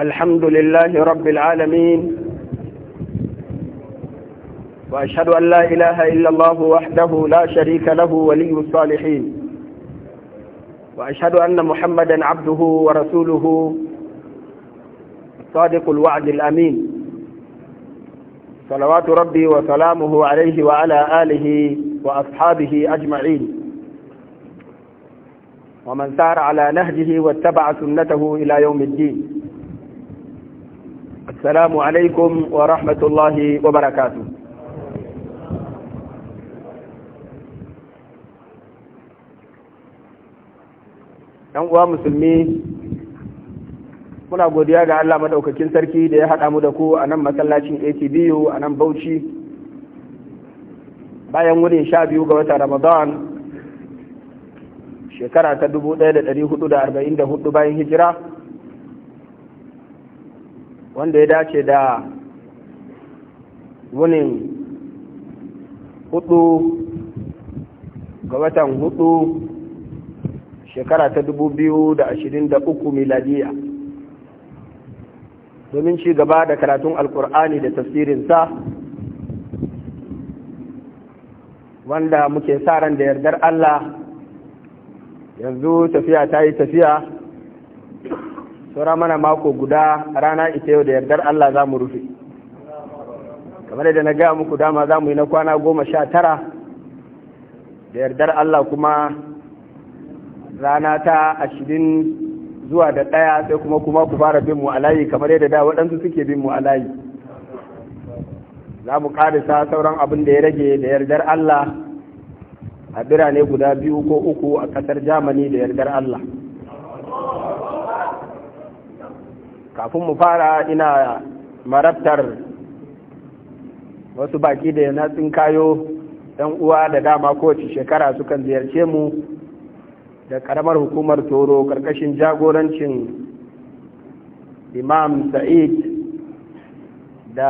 الحمد لله رب العالمين وأشهد أن لا إله إلا الله وحده لا شريك له ولي الصالحين وأشهد أن محمدا عبده ورسوله صادق الوعد الأمين صلوات ربي وسلامه عليه وعلى آله وأصحابه أجمعين ومن سار على نهجه واتبع سنته إلى يوم الدين السلام عليكم ورحمة الله وبركاته ‘Yan uwa musulmi muna godiya ga Allah maɗaukakin sarki da ya haɗa mu da ku a nan masallacin ATBU a nan Bauchi bayan wurin sha biyu ga wata Ramadan shekara ta 1444 bayan hijira. wanda ya dace da wunin hudu ga watan hudu shekara ta dubu biyu da ashirin da uku miladiya domin ci gaba da karatun alkur'ani da tafsirinsa wanda muke sa ran da yardar Allah yanzu tafiya ta yi tafiya saura mana mako guda rana ita yau da yardar Allah za mu rufe kamar da na gaya muku dama za mu yi na kwana goma sha tara da yardar Allah kuma rana ta ashirin zuwa da ɗaya sai kuma kuma ku fara bin mu a layi kamar yadda da waɗansu suke bin mu a layi za mu ƙarisa sauran abin da ya rage da yardar Allah a birane guda biyu ko uku a ƙasar Jamani da yardar Allah kafin mu fara ina marabtar wasu baki da na sun kayo ɗan uwa da dama kowace shekara sukan ziyarce mu da karamar hukumar toro ƙarƙashin jagorancin imam sa'id da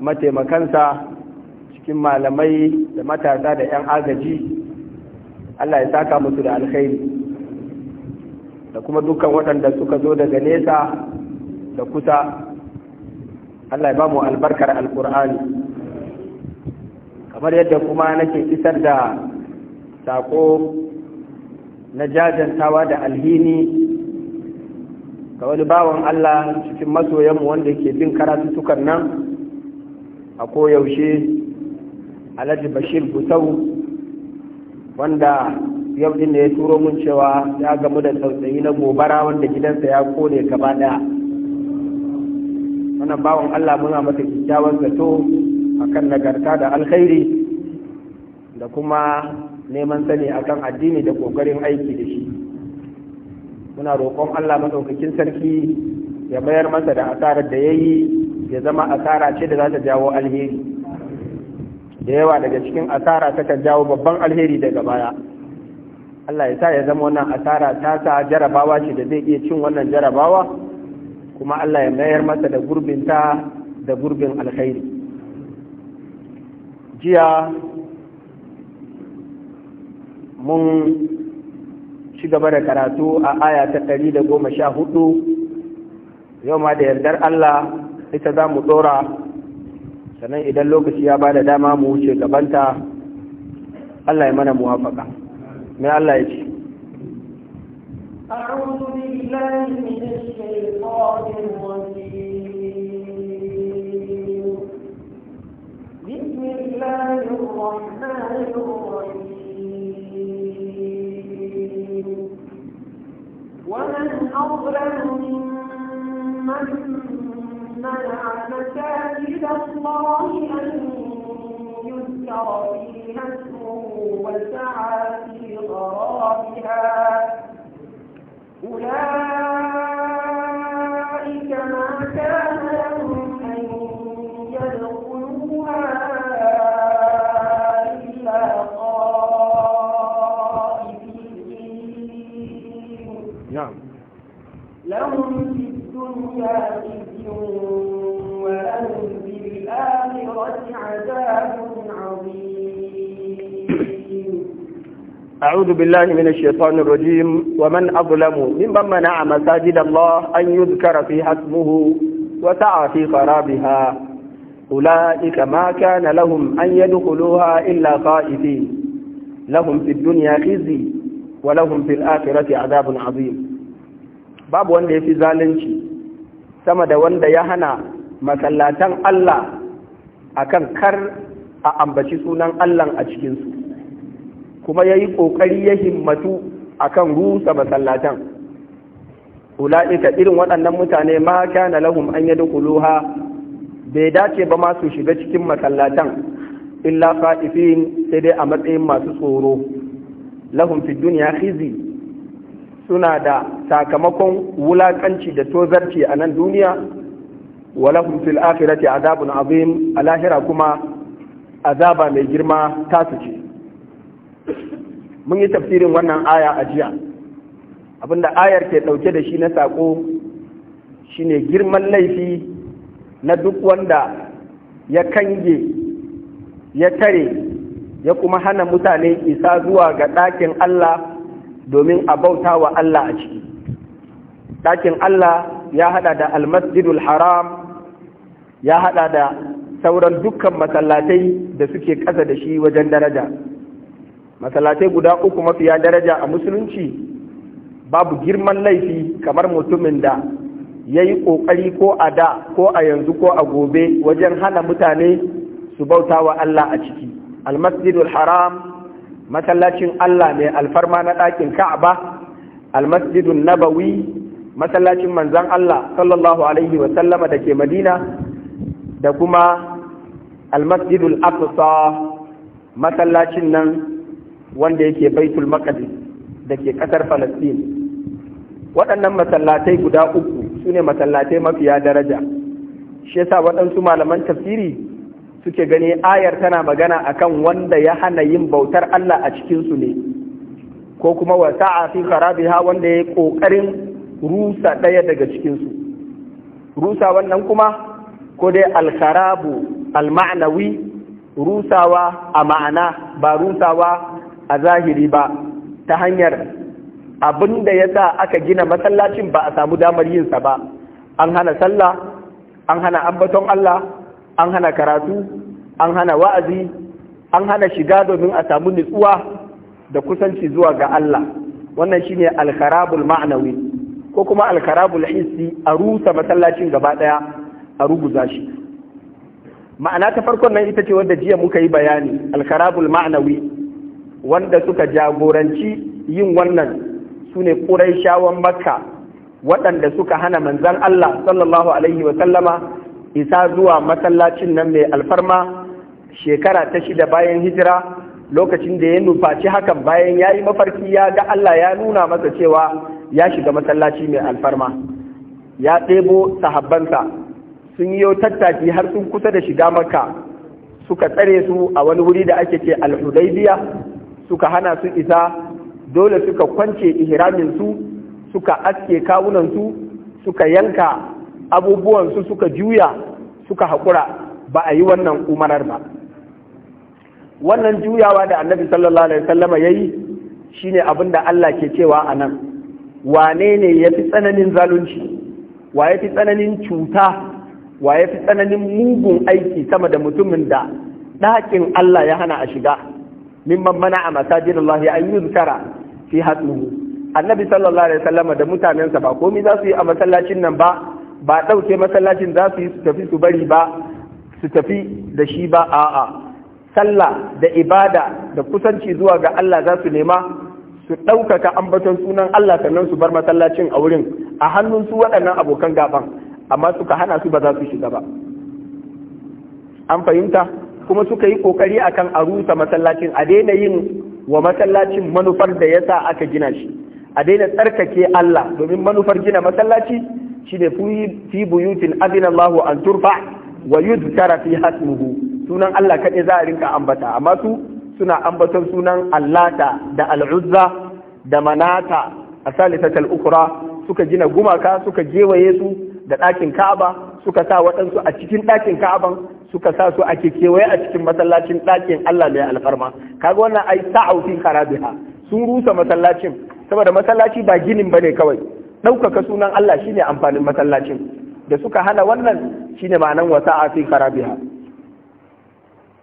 mataimakansa cikin malamai da matasa da 'yan agaji allah ya saka musu da alkhairi da kuma dukkan waɗanda suka zo daga nesa da kusa Allah ya bamu albarkar alkur'ani kamar yadda kuma nake isar da sako na jajantawa da alhini ga wani bawan Allah cikin masoyanmu wanda ke bin karatu karatuttukan nan a koyaushe alhaji bashir busau wanda yau din ne ya turo mun cewa ya gamu da tsautsayi na gobara wanda gidansa ya kone gaba daya Muna bawan Allah muna mata kyakkyawan zato akan nagarta da alkhairi da kuma neman sani akan addini da kokarin aiki da shi muna roƙon Allah maɗaukakin sarki ya bayar masa da asarar da ya yi ya zama asara ce da za ta jawo alheri da yawa daga cikin asara takan jawo babban alheri daga baya Allah ya sa ya zama wannan asara ta sa jarabawa ce da zai iya cin wannan jarabawa kuma Allah ya mayar masa da gurbin ta da gurbin alkhairi jiya mun ci gaba da karatu a aya ta ɗari da goma sha hudu yau ma da yardar Allah ita za mu tsora, sannan idan lokaci ya ba da dama mu wuce gabanta Allah ya mana muwafaka mai Allah ya ce أعوذ بالله من بسم الله الرحمن الرحيم ومن أظلم ممن منع مساجد الله أن يذكر فيها اسمه وسعى في خرابها أولئك ولهم في الآخرة عذاب عظيم أعوذ بالله من الشيطان الرجيم ومن أظلم ممن منع مساجد الله أن يذكر فيها اسمه وسعى في خرابها أولئك ما كان لهم أن يدخلوها إلا خائفين لهم في الدنيا خزي ولهم في الآخرة عذاب عظيم باب وان في زالنشي sama da wanda ya hana masallatan Allah akan kar a ambaci sunan Allah a cikinsu kuma ya yi ƙoƙari ya himmatu akan rusa masallatan ula'ika irin waɗannan mutane ma na lahum an ha bai dace ba ma su shiga cikin masallatan illa fa'ifin sai dai a matsayin masu tsoro lahum fi duniya khizi suna da sakamakon wulakanci da tozarci a nan duniya walahum fil akhirati azabun azim a lahira kuma azaba mai girma tasu ce mun yi tafsirin wannan aya a jiya abinda ayar ke ɗauke da shi na saƙo shine girman laifi na duk wanda ya kange ya tare ya kuma hana mutane isa zuwa ga ɗakin Allah domin a bauta wa Allah a ciki ɗakin Allah ya haɗa da almasjidul haram ya haɗa da sauran dukkan masallatai da suke ƙasa da shi wajen daraja masallatai guda uku mafiya daraja a musulunci babu girman laifi kamar mutumin da ya yi ƙoƙari ko a da ko a yanzu ko a gobe wajen hana mutane su bauta wa Allah a ciki almasjidul haram masallacin Allah mai alfarma na ɗakin Ka'aba almasjidun nabawi masallacin manzan Allah sallallahu alaihi wa sallama da ke Madina da kuma almasjidul aqsa masallacin nan wanda yake baitul maqdis da ke ƙasar Falastin waɗannan masallatai guda uku su ne masallatai mafiya daraja shi yasa waɗansu malaman tafsiri suke gani ayar tana magana akan wanda ya hana yin bautar Allah a cikinsu ne ko kuma wa a fi kharabiha wanda ya kokarin rusa ɗaya daga cikinsu rusa wannan kuma ko dai alkarabu almanawi rusawa a ma'ana ba rusawa a zahiri ba ta hanyar abin da ya sa aka gina masallacin ba a samu damar yinsa ba an hana sallah an hana ambaton Allah an hana karatu an hana wa'azi an hana shiga domin a samu nutsuwa da kusanci zuwa ga Allah wannan shine alkarabul ma'anawi ko kuma alkarabul hissi a rusa masallacin gaba ɗaya a ruguza shi ma'ana ta farkon nan ita ce wanda jiya muka yi bayani alkarabul ma'anawi wanda suka jagoranci yin wannan su ne ƙurai makka waɗanda suka hana manzan Allah sallallahu alaihi wa sallama isa zuwa masallacin nan mai alfarma shekara ta shida bayan hijira lokacin da ya nufaci hakan bayan ya yi mafarki ya ga Allah ya nuna masa cewa ya shiga masallaci mai alfarma ya ɗebo sahabbansa sun yi tattaki har sun kusa da shiga maka suka tsare su a wani wuri da ake ce alhudaibiya suka hana su isa dole suka kwance ihramin suka aske kawunansu suka yanka abubuwan su suka juya suka haƙura ba a yi wannan umarar ba wannan juyawa da annabi sallallahu alaihi wasallama yayi shine abinda Allah ke cewa a nan wane ne ya tsananin zalunci wa ya tsananin cuta wa ya tsananin mugun aiki sama da mutumin da ɗakin Allah ya hana a shiga mimman mana a masajin Allah ya yi zukara fi hatsuhu annabi sallallahu alaihi da mutanensa ba komi za su yi a masallacin nan ba ba ɗauke masallacin za su yi su tafi su bari ba su tafi da shi ba a'a sallah da ibada da kusanci zuwa ga Allah za su nema su ɗaukaka ambaton sunan Allah sannan su bar masallacin a wurin a hannun su waɗannan abokan gaban amma suka hana su ba za su shiga ba an fahimta kuma suka yi kokari akan a rusa masallacin a daina yin wa masallacin manufar da ya sa aka gina shi a daina tsarkake Allah domin manufar gina masallaci shine fi buyutin adina Allahu an turfa wa yudkara fi hasmuhu sunan Allah kaɗai za a rinka ambata amma su suna ambaton sunan Allata da Al'uzza da Manata a salisatal ukra suka gina gumaka suka gewaye su da ɗakin Ka'aba suka sa waɗansu a cikin ɗakin Ka'aban suka sa su ake kewaye a cikin masallacin ɗakin Allah mai alfarma kaga wannan ai sa'au fi karabiha, sun rusa masallacin saboda masallaci ba ginin bane kawai ɗaukaka sunan Allah shine amfanin masallacin da suka hana wannan shine ma'anan wasa a fi biya.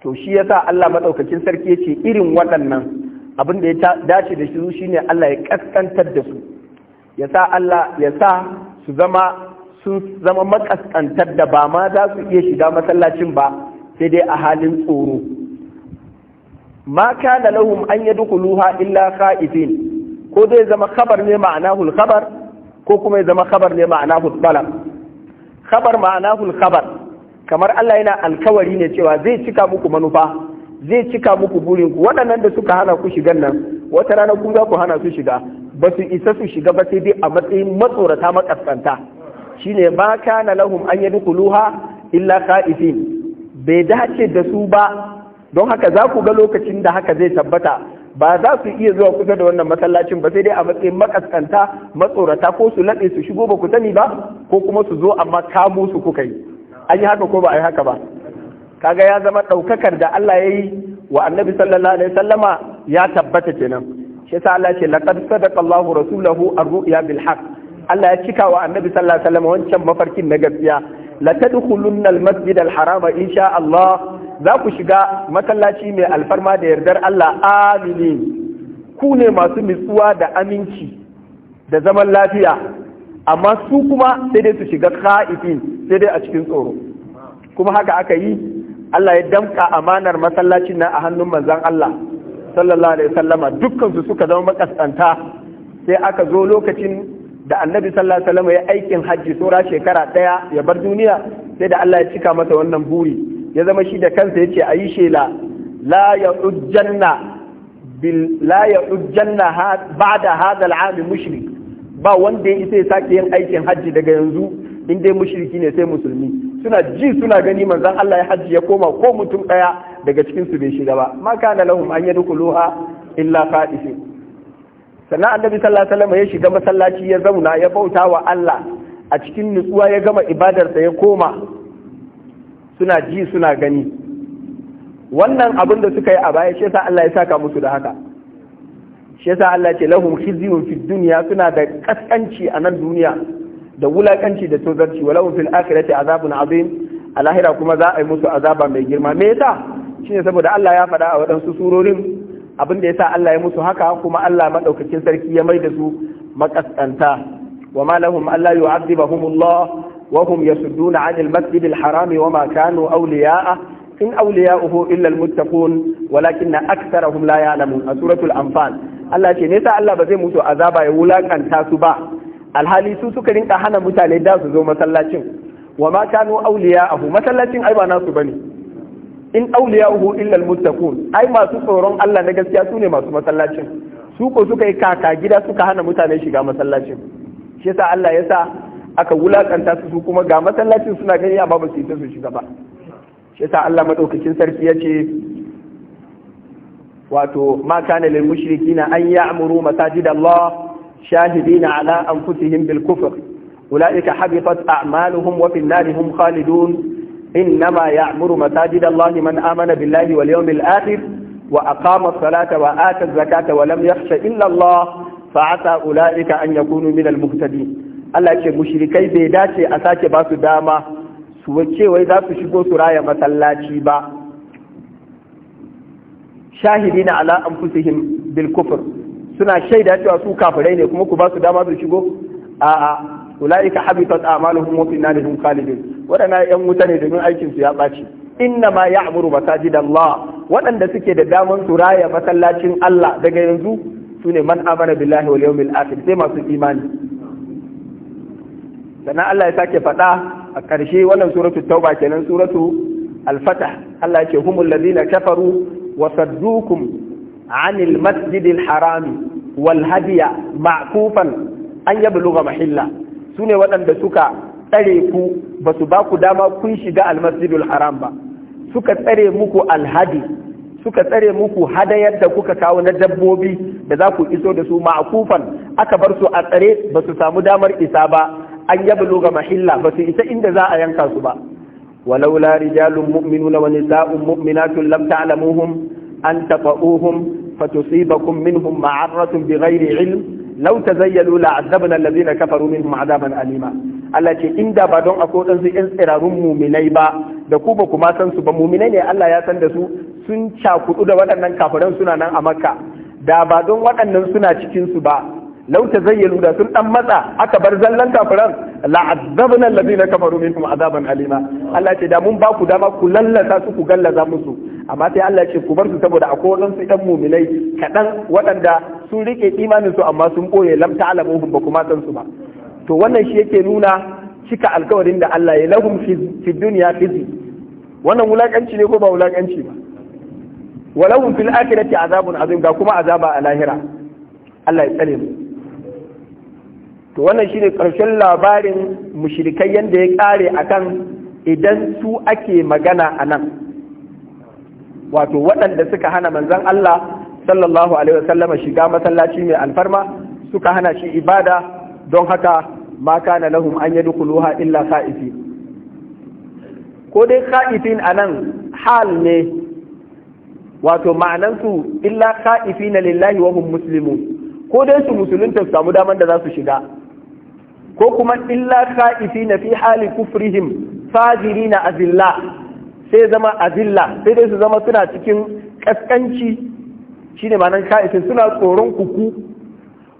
to shi yasa Allah madaukakin sarki ce irin waɗannan abin da ya dace da shi shine Allah ya kaskantar da su ya sa Allah ya sa su zama sun zama makaskantar da ba ma za su iya shiga masallacin ba sai dai a halin tsoro ma kana lahum an yadkhuluha illa khaifin ko zai zama kabar ne ma'ana khabar ko kuma ya zama khabar ne ma'ana talab khabar ma'ana khabar kamar Allah yana alkawari ne cewa zai cika muku manufa zai cika muku burin ku waɗannan da suka hana ku shigan nan wata rana ku za ku hana su shiga ba su isa su shiga ba sai dai a matsayin matsorata makaskanta shine ma kana lahum an yadkhuluha illa khaifin bai dace da su ba don haka za ku ga lokacin da haka zai tabbata ba za su iya zuwa kusa da wannan masallacin ba sai dai a matsayin makaskanta matsorata ko su laɗe su shigo ba ku sani ba ko kuma su zo amma kamo su kuka yi an yi haka ko ba a yi haka ba kaga ya zama ɗaukakar da Allah ya yi wa annabi sallallahu alaihi sallama ya tabbata kenan shi yasa Allah ce laqad sadaqallahu rasulahu ar-ru'ya bil haqq Allah ya cika wa annabi sallallahu alaihi wancan mafarkin na gaskiya la tadkhulunna masjidal harama insha Allah za ku shiga masallaci mai alfarma da yardar Allah amini ku ne masu nutsuwa da aminci da zaman lafiya amma su kuma sai dai su shiga ka'ifin sai dai a cikin tsoro kuma haka aka yi Allah ya damka amanar masallacin nan a hannun manzan Allah sallallahu alaihi wasallama dukkansu suka zama makaskanta sai aka zo lokacin da annabi sallallahu alaihi wasallam ya aikin hajji tsora shekara ɗaya ya bar duniya sai da Allah ya cika masa wannan buri ya zama shi da kansa a yi shela la ya bil ba da hadal amin mushrik ba wanda ya isa ya sake yin aikin hajji daga yanzu in dai mushriki ne sai musulmi suna ji suna gani manzan Allah ya hajji ya koma ko mutum ɗaya daga cikin su bai shiga ba ma kana lahum an yadkhuluha illa qa'ifin sannan annabi sallallahu alaihi wasallam ya shiga masallaci ya zauna ya bauta wa Allah a cikin nutsuwa ya gama ibadarsa ya koma suna ji suna gani wannan abin da suka yi a baya shi yasa Allah ya saka musu da haka shi yasa Allah ce lahum khizyun fid dunya suna da kaskanci a nan duniya da wulakanci da tozarci walau fil akhirati azabun azim a lahira kuma za a yi musu azaba mai girma me yasa shine saboda Allah ya faɗa a waɗansu surorin abin da yasa Allah ya musu haka kuma Allah madaukakin sarki ya mai da su makaskanta wa ma lahum alla yu'adhibahumullah وهم يسدون عن المسجد الحرام وما كانوا أولياءه إن أولياؤه إلا المتقون ولكن أكثرهم لا يعلمون سورة الأنفال Allah ce nesa Allah ba zai mutu azaba ya wulakanta su ba alhali su suka rinka hana mutane da su zo masallacin wa ma kanu awliya'ahu masallacin ai ba nasu bane in awliya'uhu illa almuttaqun ai masu tsoron Allah na gaskiya su ne masu masallacin su ko suka yi kaka gida suka hana mutane shiga masallacin shi Allah yasa aka wulakanta su kuma ga masallacin suna gani amma ba su yi su shiga ba shi yasa Allah madaukakin sarki ya ce wato ma kana lil mushrikina an ya'muru masajid Allah shahidina ala anfusihim bil kufr ulaika habitat a'maluhum wa fil nar hum khalidun إنما يعمر مساجد الله من آمن بالله واليوم الآخر وأقام الصلاة وآتى الزكاة ولم يخش إلا الله فعسى أولئك أن يكونوا من المهتدين Allah ce mushrikai bai dace a sake ba su dama su wace wai za su shigo su raya masallaci ba shahidi na ala anfusihim bil kufr suna shaida cewa su kafirai ne kuma ku ba su dama su shigo a'a ulaika habitat a'maluhum wa fi narihim khalidun wadana yan wuta ne domin aikin su ya baci inna ma ya'muru masajidallah waɗanda suke da daman su raya masallacin Allah daga yanzu sune man amana billahi wal yawmil akhir sai masu imani sannan Allah ya sake faɗa a ƙarshe wannan suratu tauba kenan suratu alfata Allah ya ce humul ladina kafaru wa saddukum anil masjidil harami wal hadiya ma'kufan an yabluga mahilla sune waɗanda suka tsare ku ba su ba ku dama kun shiga almasjidul haram ba suka tsare muku alhadi suka tsare muku hadayar da kuka kawo na dabbobi da za ku iso da su ma'akufan aka bar su a tsare ba su samu damar isa ba an yabi ga mahilla ba su ita inda za a yanka su ba walaula rijalun mu'minuna wa nisa'un mu'minatun lam ta'lamuhum an yi fatusibakum minhum ma'arratun bighairi ilm law tazayyalu la'azzabna alladhina kafaru minhum 'adaban alima Allah ce inda ba don akwai ɗansu ‘yan tsirarun muminai ba da ku ba kuma san su ba muminai ne Allah ya san da su sun cakudu da waɗannan kafiran suna nan a makka da ba don waɗannan suna cikin su ba law tazayyalu da sun dan matsa aka bar zallan kafiran la'azzabna allazina kafaru minkum azaban alima Allah ce da mun ba ku dama ku lallasa su ku gallaza musu amma sai Allah ce ku bar su saboda akwai su dan muminai kadan waɗanda sun rike imanin su amma sun boye lam ta'lamuhum ba kuma san su ba to wannan shi yake nuna cika alƙawarin da Allah ya lahum fi dunya khizi wannan wulakanci ne ko ba wulakanci ba walahum fil akhirati azabun azim ga kuma azaba a lahira Allah ya tsare mu to wannan shine ƙarshen labarin mushrikai yadda ya ƙare akan idan su ake magana a nan wato waɗanda suka hana manzan Allah sallallahu alaihi wasallama shiga masallaci mai alfarma suka hana shi ibada don haka ma kana lahum an yadkhuluha illa khaifin ko dai khaifin anan hal ne wato ma'anansu illa khaifina lillahi wa hum muslimun ko dai su musulunta su samu daman da za su shiga ko kuma illa na fi hali kufrihim na azilla sai zama azilla sai dai su zama suna cikin kaskanci shine manan kha'ifin suna tsoron kuku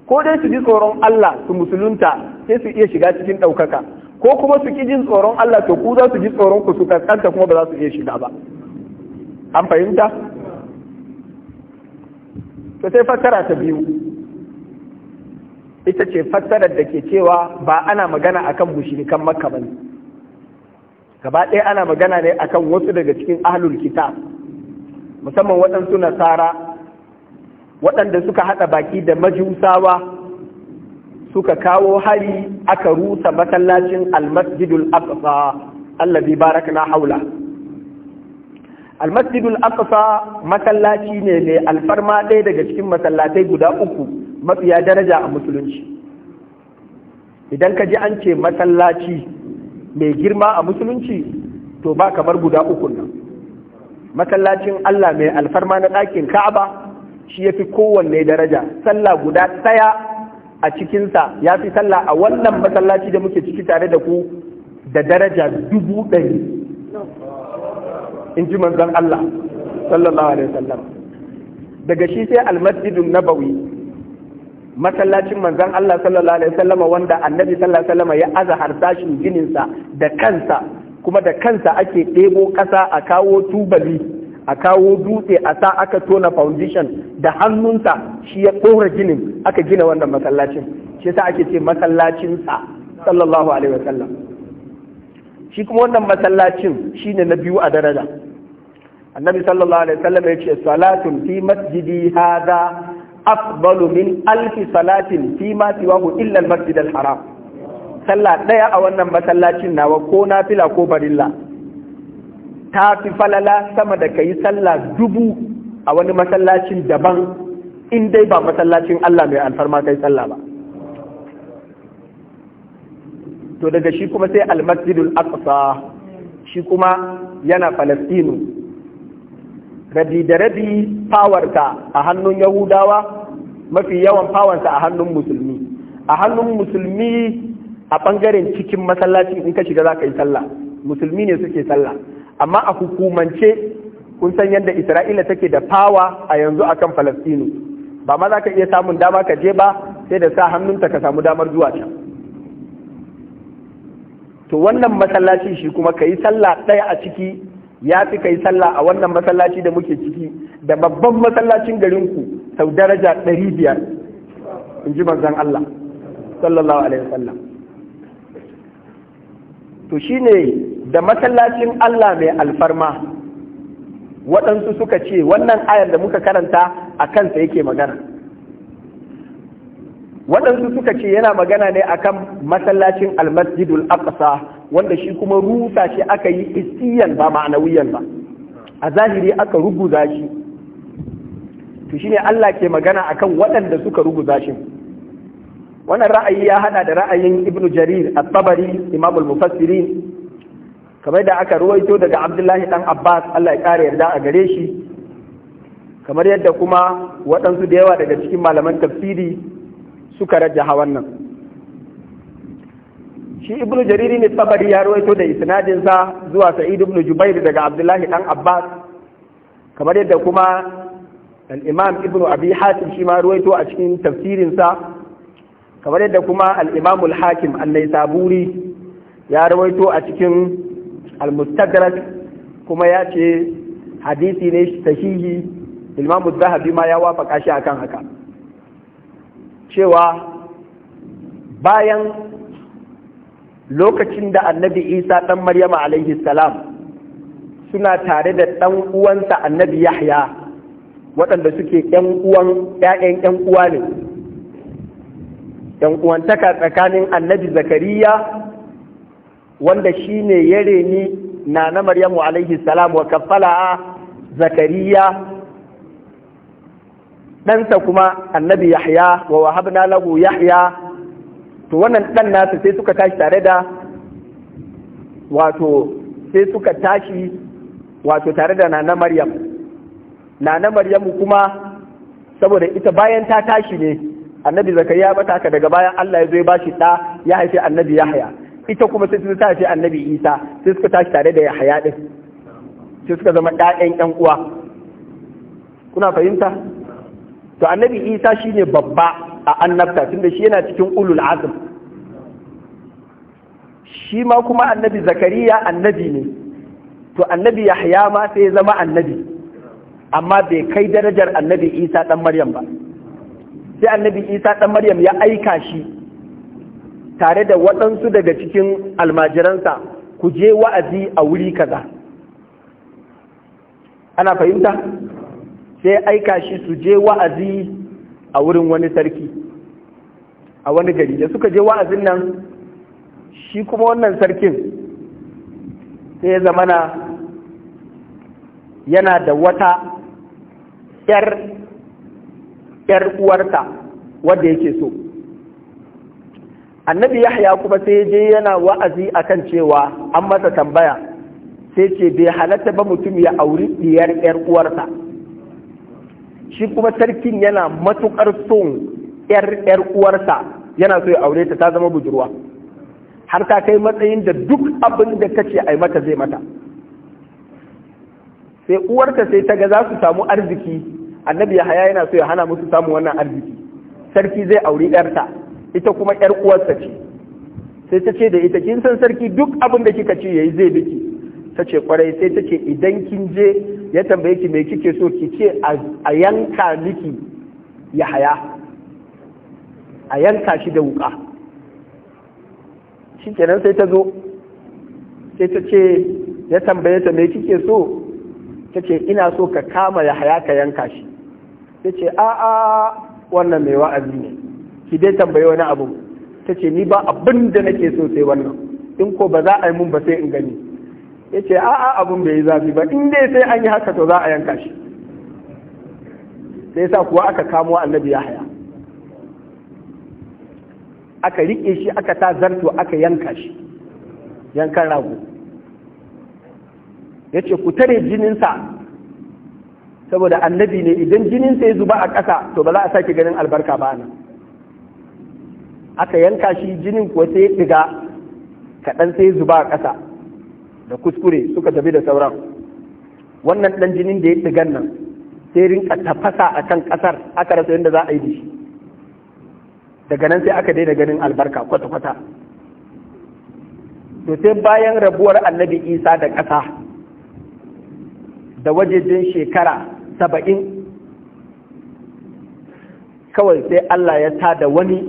ko dai su ji tsoron Allah su musulunta sai su iya shiga cikin ɗaukaka ko kuma su ki jin tsoron Allah to ku za su ji tsoron ku su kaskanta kuma ba za su iya shiga ba an fahimta to sai fassara ta biyu ita ce fassarar da ke cewa ba ana magana akan mushrikan makka ba ne gaba ɗaya ana magana ne akan wasu daga cikin ahlul kita musamman waɗansu nasara waɗanda suka haɗa baki da majusawa suka kawo hari aka rusa masallacin almasjidul aqsa allazi barakna haula almasjidul aqsa masallaci ne mai alfarma ɗaya daga cikin masallatai guda uku mafiya daraja a musulunci idan ka ji an ce masallaci mai girma a musulunci to ba kamar guda uku nan masallacin Allah mai alfarma na ɗakin Ka'aba shi yafi kowanne daraja sallah guda ɗaya a cikinsa ya fi sallah a wannan masallaci da muke ciki tare da ku da daraja dubu ɗari in ji manzon Allah sallallahu alaihi wasallam daga shi sai almasjidun nabawi masallacin manzon Allah sallallahu alaihi wasallam wanda annabi sallallahu alaihi wasallam ya aza harsashin sa da kansa kuma da kansa ake ɗebo ƙasa a kawo tubali a kawo dutse a sa aka tona foundation da hannunsa shi ya kora ginin aka gina wannan masallacin shi yasa ake ce masallacinsa sallallahu alaihi wasallam shi kuma wannan masallacin shine na biyu a daraja annabi sallallahu alaihi wasallam ya ce salatun fi masjidi hada afdalu min alfi salatin fi ma siwahu illa al-masjid al-haram sallah daya a wannan masallacin nawa ko nafila ko barilla ta fi falala sama da kai sallah dubu a wani masallacin daban in dai ba masallacin Allah mai alfarma kai sallah ba to daga shi kuma sai almasjidul aqsa shi kuma yana falastinu rabi da rabi fawarta a hannun yahudawa mafi yawan fawarta a hannun musulmi a hannun musulmi a bangaren cikin masallaci in ka shiga za ka yi sallah musulmi ne suke sallah amma a hukumance kun san yadda isra'ila take da fawa a yanzu akan falastinu ba ma za ka iya samun dama ka je ba sai da sa hannunta ka samu damar zuwa can to wannan masallaci shi kuma ka yi sallah ɗaya a ciki ya fi ka yi sallah a wannan masallaci da muke ciki da babban masallacin garinku sau daraja ɗari biyar in ji manzan Allah sallallahu alaihi wasallam to shi ne da masallacin Allah mai alfarma waɗansu suka ce wannan ayar da muka karanta a kansa yake magana waɗansu suka ce yana magana ne akan masallacin almasjidul aqsa wanda shi kuma rusa shi aka yi isiyan ba ma'anawiyan ba a zahiri aka ruguza shi to ne Allah ke magana akan waɗanda suka ruguza shi wannan ra'ayi ya haɗa da ra'ayin ibnu jarir at-tabari imam al-mufassirin kamar da aka ruwaito daga abdullahi dan abbas Allah ya kare yarda a gare shi kamar yadda kuma waɗansu da yawa daga cikin malaman tafsiri suka hawan nan. shi ibnu jariri ne tabari ya rawaito da isnadinsa zuwa sa'id ibn jubair daga abdullahi dan abbas kamar yadda kuma al-imam ibnu abi hatim shi ma rawaito a cikin tafsirinsa kamar yadda kuma al-imam al-hakim an-naisaburi ya rawaito a cikin al-mustadrak kuma ya ce hadisi ne sahihi imam az-zahabi ma ya wafaka shi kan haka cewa bayan lokacin da annabi isa ɗan maryama alaihi salam suna tare da ɗan uwansa annabi yahya waɗanda suke ‘yan uwan ‘ya'yan ‘yan uwa ne ‘yan uwantaka tsakanin annabi zakariya wanda shi ne ya reni na na maryamu alaihi salam wa kafala zakariya ɗansa kuma annabi yahya wa wahabna lahu yahya to wannan ɗan nasa sai suka tashi tare da wato sai suka tashi wato tare da nana maryam nana maryamu kuma saboda ita bayan ta tashi ne annabi zakariya ya bata haka daga bayan Allah ya zo ya bashi ɗa ya haifi annabi yahya ita kuma sai suka tashi annabi isa sai suka tashi tare da yahya din sai suka zama ɗayan ƴan uwa kuna fahimta to annabi isa shine babba a annabta tunda shi yana cikin ulul azm shi ma kuma annabi zakariya annabi ne to annabi yahya ma sai ya zama annabi amma bai kai darajar annabi isa dan maryam ba sai annabi isa dan maryam ya aika shi tare da waɗansu daga cikin almajiransa ku je wa'azi a wuri kaza ana fahimta sai aika shi su je wa'azi a wurin wani sarki a wani gari da suka je wa'azin nan shi kuma wannan sarkin sai zamana yana da wata ‘yar uwarta wadda yake so annabi yahya kuma sai je yana wa'azi a kan cewa an masa tambaya sai ce bai halatta ba mutum ya auri ɗiyar ‘yar uwarta’ shi kuma sarkin yana matuƙar son yar yar uwarsa yana so ya aure ta ta zama budurwa har ta kai matsayin da duk abin da a ai mata zai mata sai uwarta sai ta ga za su samu arziki annabi Yahaya yana so ya hana musu samun wannan arziki sarki zai aure yarta ita kuma yar uwarsa ce sai ta ce da ita kin san sarki duk abin da kika ce yayi zai biki ta ce kwarai sai ta ce idan kin je ya tambaye ki mai kike so ki ce a yanka miki ya haya a yanka shi da wuka shi kenan sai ta zo sai ta ce ya tambaye ta mai kike so ta ce ina so ka kama ya haya ka yanka shi ta ce a'a wannan mai wa'azi ne ki dai tambaye wani abu ta ce ni ba abin da nake so sai wannan in ko ba za a yi mun ba sai in gani ya ce a'a abin bai yi zafi ba in dai sai an yi haka to za a yanka shi sai sa kuwa aka kamo annabi ya haya aka riƙe shi aka ta zarto aka yanka shi yankan rago ya ce ku tare jininsa saboda annabi ne idan jininsa ya zuba a ƙasa to ba za a sake ganin albarka ba nan aka yanka shi jinin kuwa sai ya ɗiga kaɗan sai ya zuba a ƙasa da kuskure suka tafi da sauran wannan dan jinin da ya tsigan nan sai rinka tafasa a kan kasar aka rasa yadda za a yi da shi daga nan sai aka daina ganin albarka kwata-kwata to sai bayan rabuwar annabi isa da ƙasa da wajejin shekara saba'in kawai sai allah ya ta da wani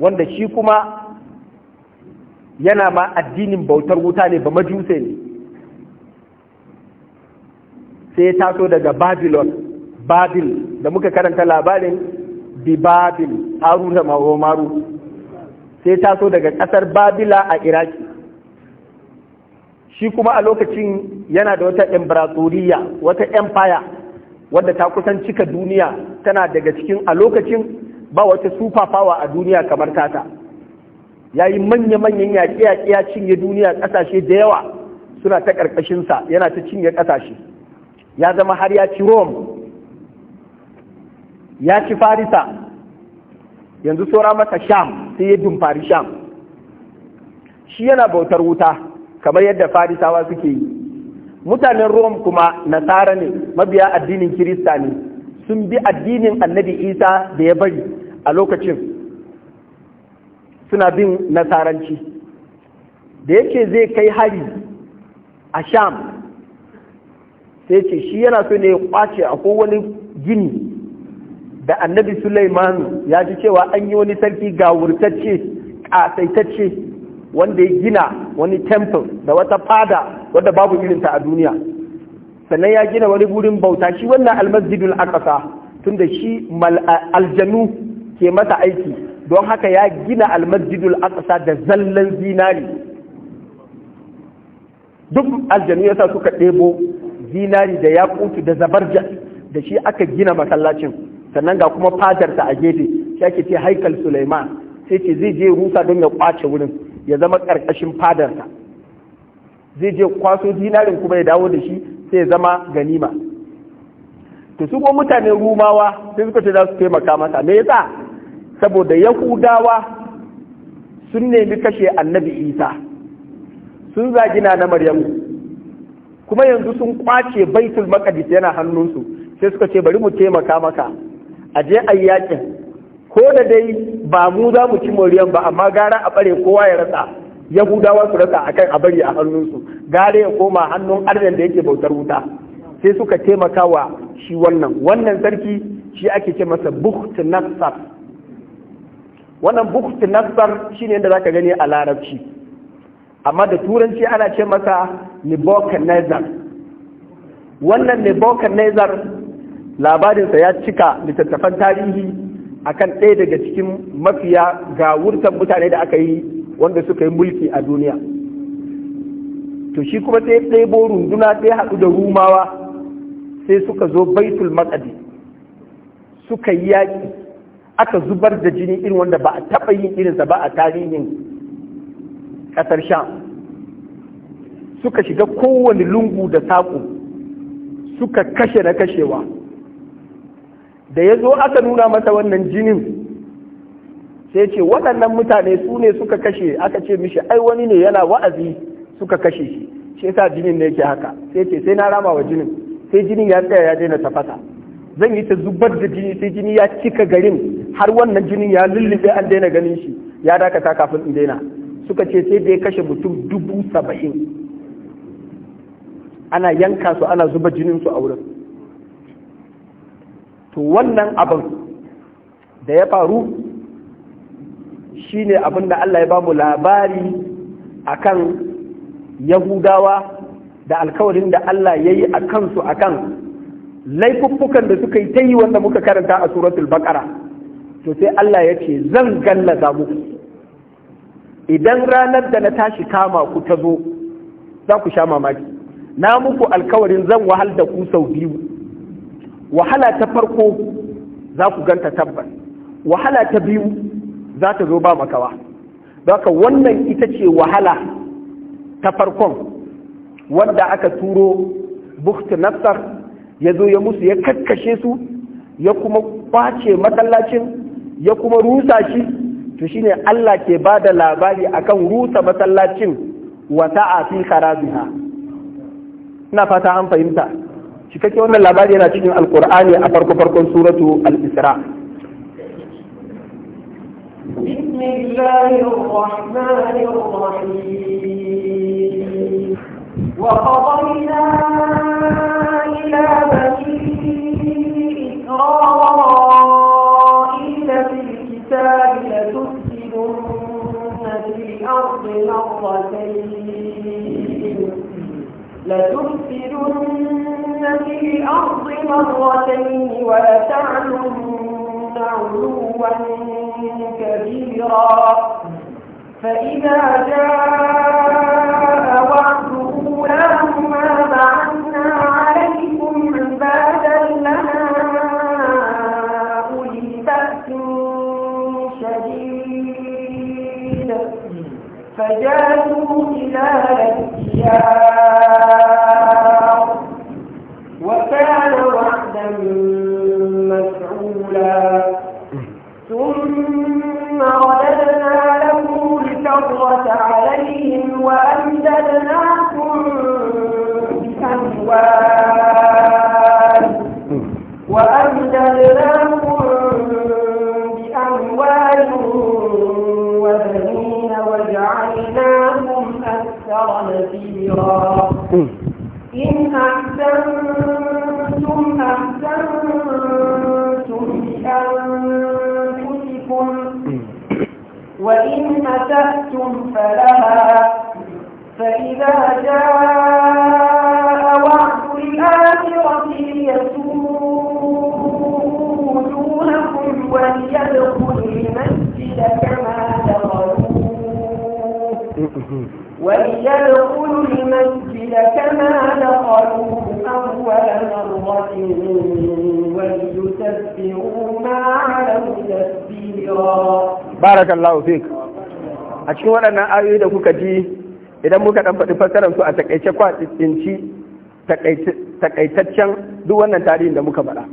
wanda shi kuma yana ma addinin bautar wuta ne ba majuse ne sai ya taso daga babylon babil da muka karanta labarin bi babil aru da maru sai taso daga ƙasar babila a iraki shi kuma a lokacin yana da wata imbratoriya wata empire wadda ta kusan cika duniya tana daga cikin a lokacin ba wata super power a duniya kamar tata ya yi manya-manyan yaƙe-yaƙe ya cinye duniya ƙasashe da yawa suna ta ƙarƙashinsa yana ta cinye ƙasashe ya zama har ya ci rome ya ci farisa yanzu saura masa sham sai ya dumfari sham shi yana bautar wuta kamar yadda farisawa suke yi mutanen rome kuma nasara ne mabiya addinin kirista ne sun bi addinin annabi isa da ya bari a lokacin suna bin nasaranci da yake zai kai hari a sham sai ce shi yana so ne ya kwace a wani gini da annabi Sulaiman ya ji cewa an yi wani sarki gawurtacce ƙasaitacce wanda ya gina wani temple da wata fada wadda babu irinta a duniya sannan ya gina wani burin bauta shi wannan almasjidul aqsa tunda shi aljanu ke mata aiki don haka ya gina almasjidul aqsa da zallan zinari duk aljanu yasa suka ɗebo zinari da yakutu da zabarja da shi aka gina masallacin sannan ga kuma fadarta a gefe shi ake ce haikal suleiman sai ce zai je rusa don ya kwace wurin ya zama ƙarƙashin fadarta zai je kwaso dinarin kuma ya dawo da shi sai ya zama ganima to su mutanen rumawa sai suka ce za su taimaka masa me yasa saboda yahudawa sun nemi kashe annabi isa sun zagi na maryamu kuma yanzu sun kwace baitul maqdis yana hannunsu sai suka ce bari mu taimaka maka Aje je a yakin ko da dai ba mu za mu ci moriyan ba amma gara a bare kowa ya rasa yahudawa su rasa akan a bari a hannunsu gara ya koma hannun arnan da yake bautar wuta sai suka taimaka wa shi wannan wannan sarki shi ake ce masa buhtu nasar wannan bukt nasar ne yadda za ka gani a larabci amma da turanci ana ce masa nebuchadnezzar wannan nebuchadnezzar labarinsa ya cika littattafan tarihi akan ɗaya daga cikin mafiya ga wurtan mutane da aka yi wanda suka yi mulki a duniya to shi kuma sai ɗebo runduna sai haɗu da rumawa sai suka zo baitul maƙadi suka yi yaƙi aka zubar da jini irin wanda ba a taɓa yin irinsa ba a tarihin ƙasar sham suka shiga kowane lungu da saƙo suka kashe na kashewa da ya zo aka nuna masa wannan jinin sai ce waɗannan mutane su ne suka kashe aka ce mishi ai wani ne yana wa'azi suka kashe shi shi sa jinin ne yake haka sai ce sai na rama wa jinin sai jinin ya tsaya ya daina tafasa zan yi ta zubar da jini sai jini ya cika garin har wannan jinin ya lullube an daina ganin shi ya dakata kafin in daina suka ce sai da ya kashe mutum dubu saba'in ana yanka su ana zuba jinin su a wurin to wannan abin da ya faru shine abin da Allah ya ba mu labari akan yahudawa da alkawarin da Allah ya yi a kansu akan laifuffukan da suka yi ta yi wanda muka karanta a suratul baqara to sai Allah ya ce zan gallaza muku idan ranar da na tashi kama ku ta zo za ku sha mamaki na muku alkawarin zan wahal da ku sau biyu wahala ta farko za ku ganta tabbas wahala ta biyu za ta zo ba makawa haka wannan ita ce wahala ta farkon wanda aka turo bukht nasar ya zo ya musu ya kakkashe su ya kuma kwace masallacin ya kuma rusa shi to shine Allah ke ba da labari akan rusa masallacin wata a fi kharabiha ina fata an fahimta shi cikakke wannan labari yana cikin alkur'ani a farko farkon suratu al-isra وقضينا إلى بني إسرائيل في الكتاب في الأرض مرتين في الأرض مرتين ولتعلن علوا كبيرا فإذا جاء وعد أولاهما بعثنا عليكم عبادا لنا أولي بأس شديد وكان وعدا مفعولا ثم رددنا له عليهم وأمددناهم إن أحسنتم أحسنتم لأنفسكم وإن أسأتم فلها فإذا جاء وعد الآخرة ليسوء وجوهكم وليدخلوا المسجد كما دخلوه وليدخلوا كما دخلوا أول مرة وليتبعوا ما علوا بارك الله فيك a cikin waɗannan ayoyi da kuka ji idan muka ɗan faɗi su a takaice kwatsinci takaitaccen duk wannan tarihin da muka faɗa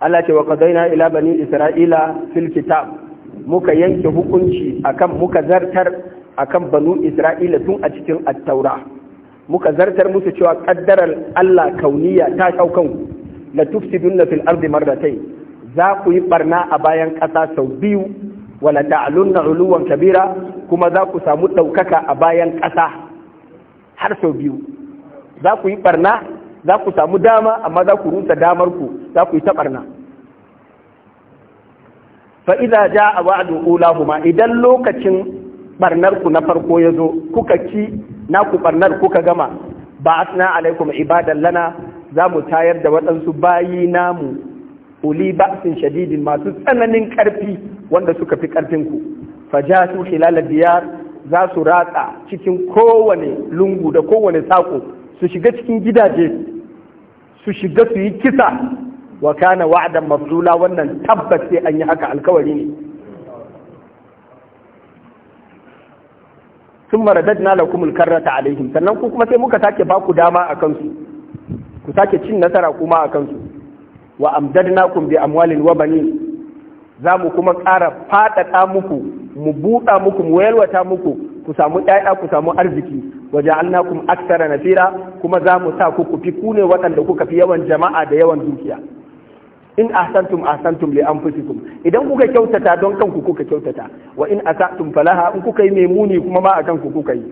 Allah ce wa qadaina ila bani isra'ila fil kitab muka yanke hukunci akan muka zartar akan banu isra'ila tun a cikin at-taura muka zartar musu cewa kaddarar Allah kauniya ta kau kanku la tufsidunna fil ardi marratayn za ku yi barna a bayan ƙasa sau biyu wala ta'lunna uluwan kabira kuma za ku samu ɗaukaka a bayan ƙasa har sau biyu za ku yi barna za ku samu dama amma za ku rusa damar ku za ku yi ta barna fa idza jaa wa'du ulahuma idan lokacin barnar ku na farko ya zo kuka ki na ku barnar kuka gama ba asna alaikum ibadan lana za mu tayar da waɗansu bayi namu uli ba'sin shadidin masu tsananin ƙarfi wanda suka fi ƙarfin ku su hilal diyar za su ratsa cikin kowane lungu da kowane sako su shiga cikin gidaje su shiga su yi kisa wa kana wa'dan mafdula wannan tabbas sai an yi haka alkawari ne sun maradadna lakum alkarrata alaihim sannan ku kuma sai muka sake ba ku dama a kansu ku sake cin nasara kuma a kansu wa amdadnakum bi amwalin wa bani za mu kuma ƙara faɗaɗa muku mu buɗa muku mu yalwata muku ku samu ƴaƴa ku samu arziki wa ja'alnakum aktsara nasira kuma za mu sa ku ku fi ku waɗanda kuka fi yawan jama'a da yawan dukiya in ahsantum ahsantum li anfusikum idan kuka kyautata don kanku kuka kyautata wa in asatum falaha in kuka yi mai muni kuma ma akan ku kuka yi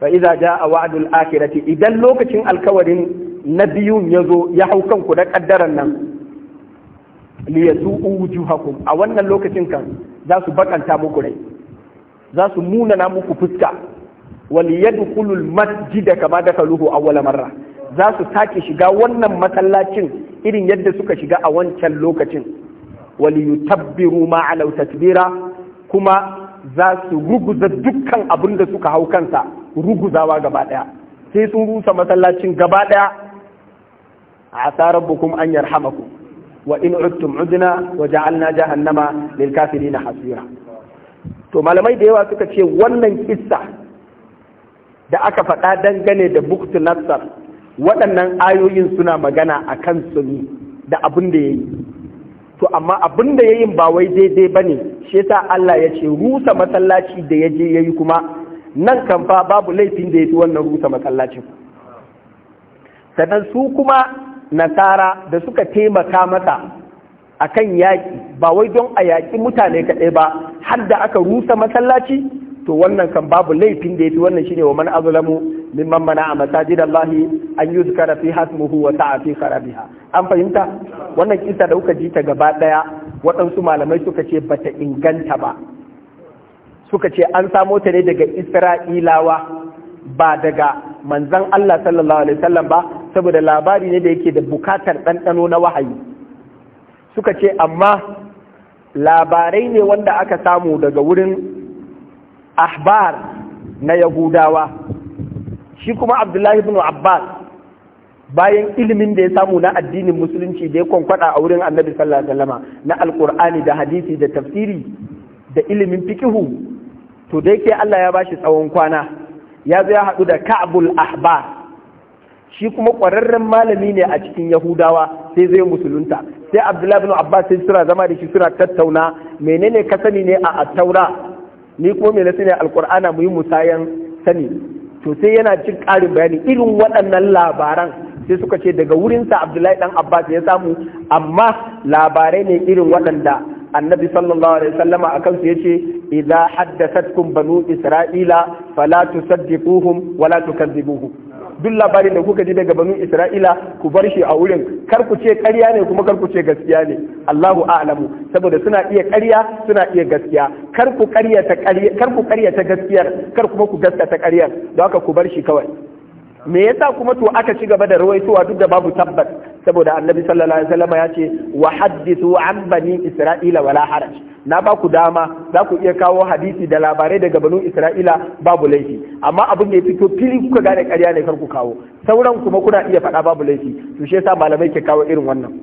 fa idza jaa wa'dul akhirati idan lokacin alkawarin nabiyun yazo ya hau kanku da kaddaran nan li yazu'u wujuhakum a wannan lokacin kan za su bakanta muku rai za su munana muku fuska wal yadkhulul masjida kama dakaluhu awwala marra za su sake shiga wannan masallacin irin yadda suka shiga a wancan lokacin waliyutabbiru ma alau tasbira kuma za su ruguza dukkan abin da suka hau kansa ruguzawa gaba daya sai sun rusa masallacin gaba daya asarar bukum an hamaku. wa in udtum udna wa ja'alna jahannama lil kafirina hasira to malamai da yawa suka ce wannan kissa da aka faɗa dangane da buktu nassar waɗannan ayoyin suna magana a kan ne da abin da ya yi to amma abin da ya yi ba wai daidai ba ne shi ta Allah ya ce rusa masallaci da ya je ya yi kuma nan kan fa babu laifin da ya fi wannan rusa masallacin sannan su kuma nasara da suka taimaka mata a kan yaƙi ba wai don a yaƙi mutane kaɗai ba har da aka rusa masallaci to wannan kan babu laifin da ya fi wannan shine wa man azulamu mimman mana a masajid Allahi an yi zukara fi hasmuhu wa sa'a fi kharabiha an fahimta wannan kisa da kuka ji ta gaba daya waɗansu malamai suka ce bata inganta ba suka ce an samo ta ne daga Isra'ilawa ba daga manzan Allah sallallahu alaihi wasallam ba saboda labari ne da yake da bukatar ɗanɗano na wahayi suka ce amma labarai ne wanda aka samu daga wurin ahbar na yahudawa shi kuma abdullahi ibn abbas bayan ilimin da ya samu na addinin musulunci da ya kwankwada a wurin annabi sallallahu alaihi wasallam na alqur'ani da hadisi da tafsiri da ilimin fikihu to da yake Allah ya bashi tsawon kwana ya zo ya haɗu da ka'bul Ahba. shi kuma ƙwararren malami ne a cikin yahudawa sai zai musulunta sai abdullahi bin abbas sai suna zama da shi suna tattauna menene ka sani ne a attaura ni kuma me sani alqur'ana mu musayan sani to sai yana cin ƙarin bayani irin waɗannan labaran sai suka ce daga wurinsa abdullahi dan abbas ya samu amma labarai ne irin waɗanda annabi sallallahu alaihi a akan su yace idza haddathatkum banu isra'ila fala tusaddiquhum wala tukazzibuhum duk labarin da kuka ji daga banu isra'ila ku bar shi a wurin kar ku ce ƙarya ne kuma kar ku ce gaskiya ne allahu a'lamu saboda suna iya ƙarya suna iya gaskiya kar ku ta gaskiyar kar kuma ku gaskata ƙaryar don haka ku bar shi kawai me yasa kuma to aka ci gaba da rawaitowa duk da babu tabbas saboda annabi sallallahu alaihi wasallam ya ce wa hadithu an bani isra'ila wala haraj na ba ku dama za ku iya kawo hadisi da labarai daga banu isra'ila babu laifi amma abin da ya fito fili kuka gane ƙarya ne kar ku kawo sauran kuma kuna iya faɗa babu laifi to shi yasa malamai ke kawo irin wannan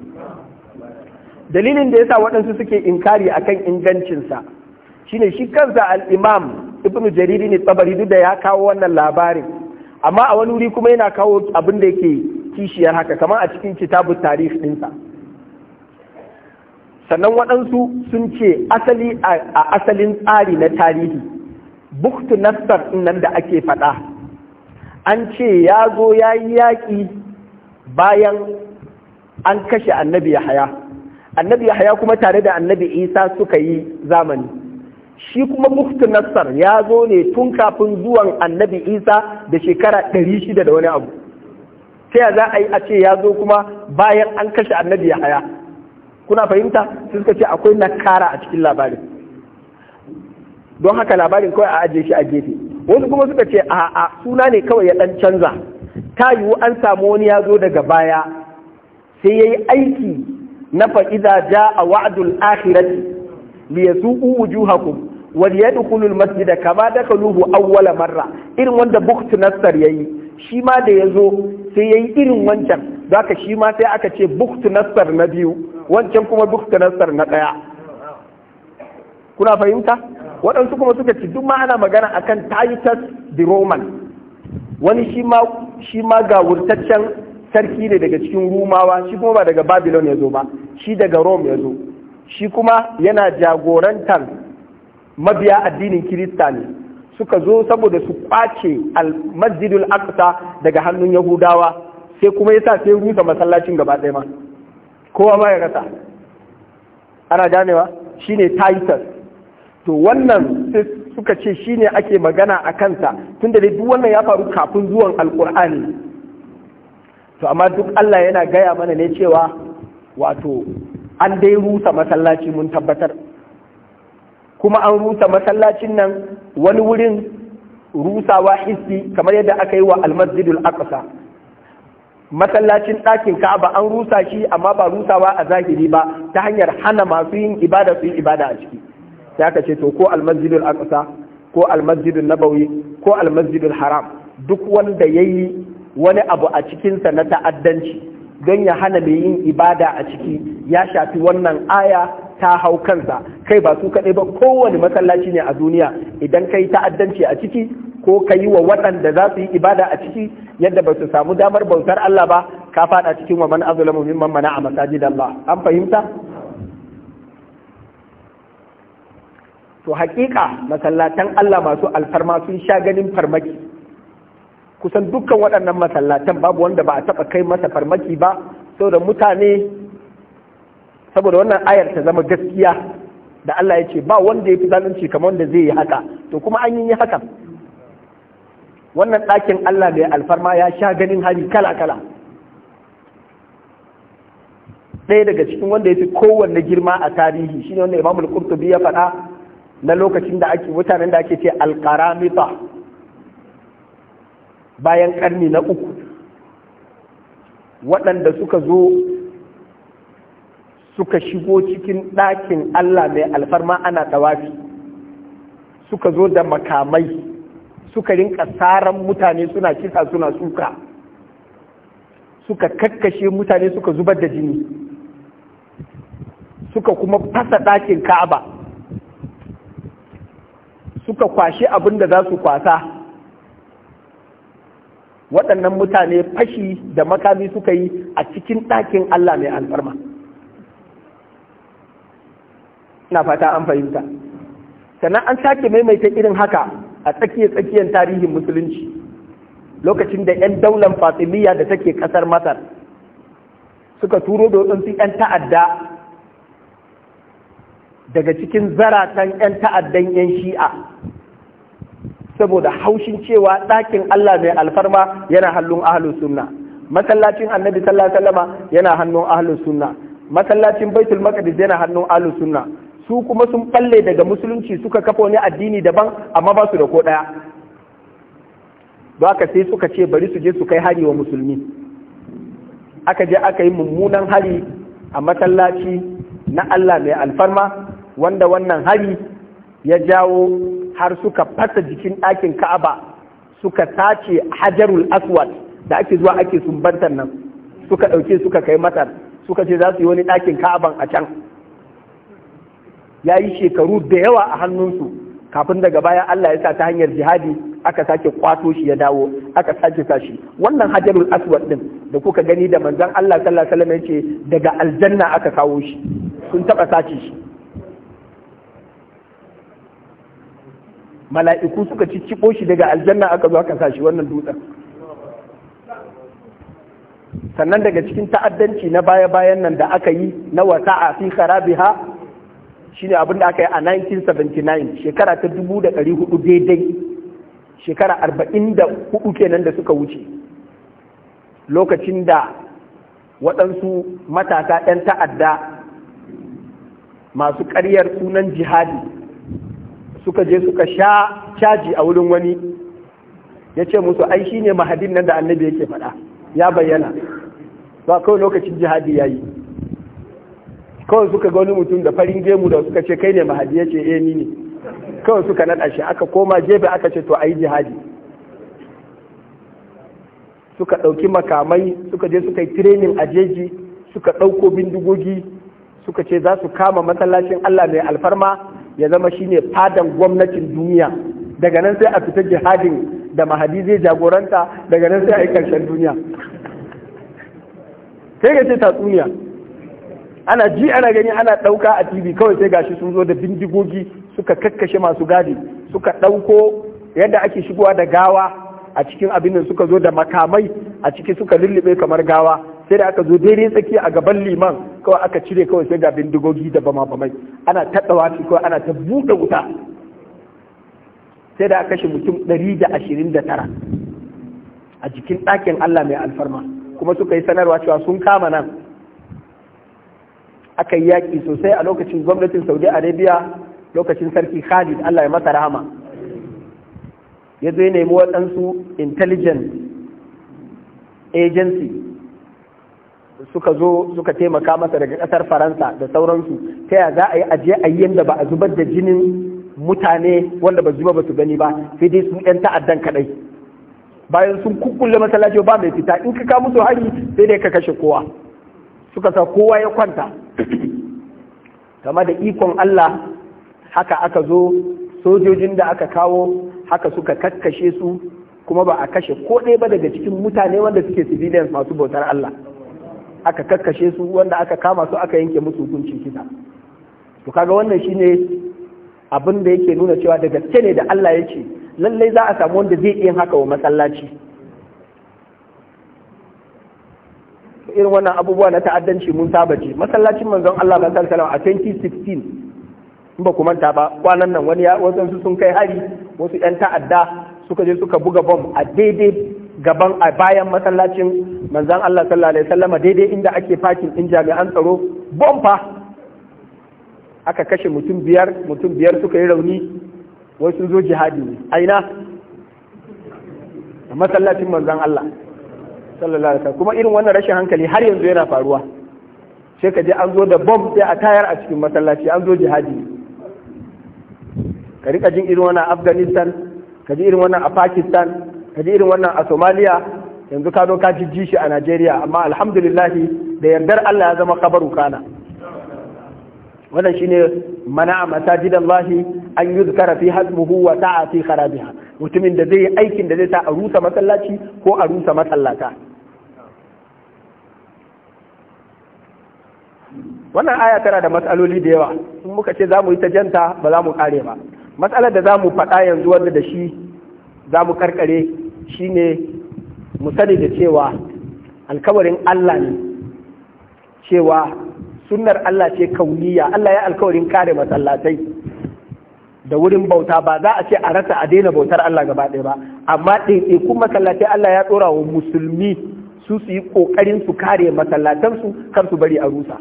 dalilin da yasa waɗansu suke inkari akan ingancinsa shine shi kansa al-imam ibnu jariri ne tabari duk da ya kawo wannan labarin amma a wani wuri kuma yana kawo abin da yake kishiyar haka kamar a cikin kitabun tarihi ɗinsa sannan waɗansu sun ce asali a asalin tsari na tarihi buktu nassar nan da ake faɗa an ce ya zo ya yi yaƙi bayan an kashe annabi ya haya annabi ya haya kuma tare da annabi isa suka yi zamani shi kuma mufti nassar ya zo ne tun kafin zuwan annabi isa da shekara ɗari shida da wani abu ta ya za a yi a ce ya zo kuma bayan an kashe annabi ya haya kuna fahimta sun suka ce akwai nakara a cikin labarin don haka labarin kawai a ajiye shi a gefe wasu kuma suka ce a a suna ne kawai ya ɗan canza ta yiwu an samu wani ya zo daga baya sai ya yi aiki na fa'iza ja a wa'adul akhirati liyasuqu wujuhakum wal yadkhulu al masjid kama dakhaluhu awwala marra irin wanda bukt nasar yayi shi ma da yazo sai yayi irin wancan zaka shi ma sai aka ce bukt nasar na biyu wancan kuma bukt nasar na daya kuna fahimta waɗansu kuma suka ci duk ma ana magana akan Titus the Roman wani shi ma shi ma ga wurtaccen sarki ne daga cikin Rumawa shi kuma ba daga Babylon ya zo ba shi daga Rome ya zo shi kuma yana jagorantar mabiya addinin kirista ne suka zo saboda su kwace masjidul aqsa daga hannun yahudawa sai kuma yasa sai rusa masallacin gaba ɗaya ma kowa ma ya rasa ana ganewa shine titus to wannan suka ce shine ake magana a kansa tunda dai duk wannan ya faru kafin zuwan alkur'ani to amma duk Allah yana gaya mana ne cewa wato an dai rusa masallaci mun tabbatar kuma an rusa masallacin nan wani wurin rusawa hissi kamar yadda aka yi wa almasjidul aqsa masallacin ɗakin ka'aba an rusa shi amma ba rusawa a zahiri ba ta hanyar hana masu yin ibada su yi ibada a ciki sai aka ce to ko almasjidul aqsa ko almasjidul nabawi ko almasjidul haram duk wanda yayi wani abu a cikinsa na ta'addanci don ya hana mai yin ibada a ciki ya shafi wannan aya ta hau kansa kai ba su kaɗai ba kowane masallaci ne a duniya idan kai ta'addanci a ciki ko ka yi wa waɗanda za su yi ibada a ciki yadda ba su samu damar bautar Allah ba ka faɗa cikin wa man azlamu mimman mana a masajid Allah an fahimta to haƙiƙa masallatan Allah masu alfarma sun sha ganin farmaki kusan dukkan waɗannan masallatan babu wanda ba a taɓa kai masa farmaki ba saboda mutane saboda wannan ayar ta zama gaskiya da Allah ya ce ba wanda ya fi zalunci kamar wanda zai yi haka to kuma an yi haka wannan ɗakin Allah da ya alfarma ya sha ganin hari kala kala ɗaya daga cikin wanda ya fi kowanne girma a tarihi shine wanda imamul al ya faɗa na lokacin da ake mutanen da ake ce al bayan karni na uku waɗanda suka zo suka shigo cikin ɗakin Allah mai alfarma ana ɗawafi suka zo da makamai suka rinka ƙasarar mutane suna kisa suna suka suka kakkashe mutane suka zubar da jini suka kuma fasa ɗakin ka'aba suka kwashe abin da za su kwasa waɗannan mutane fashi da makami suka yi a cikin ɗakin Allah mai alfarma na fata an fahimta sannan an sake maimaita irin haka a tsakiyar tsakiyar tarihin musulunci lokacin da 'yan daular fatimiyya da take ƙasar masar suka turo da waɗansu 'yan ta'adda daga cikin zaratan 'yan ta'addan 'yan shi'a saboda haushin cewa ɗakin Allah mai alfarma yana hannun ahlus sunna masallacin annabi sallallahu alaihi yana hannun ahlus sunna masallacin baitul maqdis yana hannun ahlus sunna su kuma sun balle daga musulunci suka kafa wani addini daban amma ba su da ko ɗaya. Baka sai suka ce bari su je su kai hari wa musulmi aka je aka yi mummunan hari a masallaci na Allah mai alfarma wanda wannan hari ya jawo har suka fasa jikin ɗakin ka'aba suka sace hajarul aswad da ake zuwa ake sumbantar nan suka ɗauke suka kai matar suka ce za su yi wani ɗakin ka'aban a can ya yi shekaru da yawa a hannunsu kafin daga baya Allah ya sa ta hanyar jihadi aka sake kwato shi ya dawo aka sake sa wannan hajarul aswad din da kuka gani da manzon Allah sallallahu alaihi wasallam ya ce daga aljanna aka kawo shi sun taba sace shi mala'iku suka cicciɓo shi daga aljanna aka zo aka sashi wannan dutsen sannan daga cikin ta'addanci na baya-bayan nan da aka yi na wata a fi kharabiha shine abin da aka yi a 1979 shekara ta da 1400 daidai shekara 44 kenan da suka wuce lokacin da waɗansu matasa 'yan ta'adda masu ƙaryar sunan jihadi suka je suka sha caji a wurin wani ya ce musu ai shine mahadin nan da annabi yake faɗa ya bayyana ba kawai lokacin jihadi ya yi kawai suka ga wani mutum da farin gemu da suka ce kai ne mahadi ya ce eh ni ne kawai suka naɗa shi aka koma gefe aka ce to ai jihadi suka ɗauki makamai suka je suka yi tirenin a jeji suka ɗauko bindigogi suka ce za su kama masallacin Allah mai alfarma ya zama shine fadan gwamnatin duniya daga nan sai a fita jihadin da mahadi zai jagoranta daga nan sai a yi karshen duniya sai ga ce tatsuniya ana ji ana gani ana ɗauka a tv kawai sai gashi sun zo da bindigogi suka kakkashe masu gadi suka ɗauko yadda ake shigowa da gawa a cikin abin da suka zo da makamai a ciki suka lullube kamar gawa sai da aka zo daidai tsakiya a gaban liman kawai aka cire kawai sai ga bindigogi da bama bamai ana taɗawa shi kawai ana ta buɗe wuta sai da aka kashe mutum ɗari da ashirin da tara a jikin ɗakin Allah mai alfarma kuma suka yi sanarwa cewa sun kama nan aka yi yaƙi sosai a lokacin gwamnatin saudi arabia lokacin sarki khalid Allah ya masa rahama ya zo nemi waɗansu intelligence agency suka zo suka taimaka masa daga ƙasar faransa da sauransu ta yi za a yi ajiye ayyan da ba a zubar da jinin mutane wanda ba zuba ba su gani ba sai dai su 'yan ta'addan kaɗai bayan sun kukkulle masallaci ba mai fita in ka musu hari sai dai ka kashe kowa suka sa kowa ya kwanta Kama da ikon Allah haka aka zo sojojin da aka kawo haka suka kakkashe su kuma ba a kashe ko ɗaya ba daga cikin mutane wanda suke civilians masu bautar Allah aka kakkashe su wanda aka kama su aka yanke musu hukuncin kisa to kaga wannan shine abin da yake nuna cewa da gaske ne da Allah ya ce lallai za a samu wanda zai iya haka wa masallaci irin wannan abubuwa na ta'addanci mun saba ce masallacin manzon Allah sallallahu alaihi wasallam a 2016 in ba ku manta ba kwanan nan wani ya wasu sun kai hari wasu yan ta'adda suka je suka buga bom a daidai gaban a bayan masallacin manzan Allah sallallahu alaihi wasallama daidai inda ake fakin in jami'an tsaro bomba aka kashe mutum biyar mutum biyar suka yi rauni wai sun zo jihadi ne aina masallacin manzan Allah sallallahu alaihi kuma irin wannan rashin hankali har yanzu yana faruwa sai ka je an zo da bomb sai a tayar a cikin masallaci an zo jihadi ka rika jin irin wannan Afghanistan ka ji irin wannan a Pakistan kaji irin wannan a somaliya yanzu ka zo ka ji shi a najeriya amma alhamdulillahi da yardar allah ya zama kabaru kana wannan shine mana masajidallahi an yuzkara fi hasmuhu wa ta'a fi kharabiha mutumin da zai yi aikin da zai sa a rusa masallaci ko a rusa masallata wannan aya tana da matsaloli da yawa in muka ce za mu yi ta janta ba za mu kare ba matsalar da za mu faɗa yanzu wanda da shi za mu karkare shine mu sani da cewa alkawarin Allah ne cewa sunnar Allah ce kauniya Allah ya alkawarin kare masallatai da wurin bauta ba za a ce a rasa a daina bautar Allah gaba ɗaya ba amma ɗaiɗaikun masallatai Allah ya ɗora wa musulmi su su yi ƙoƙarin su kare masallatansu kar su bari a rusa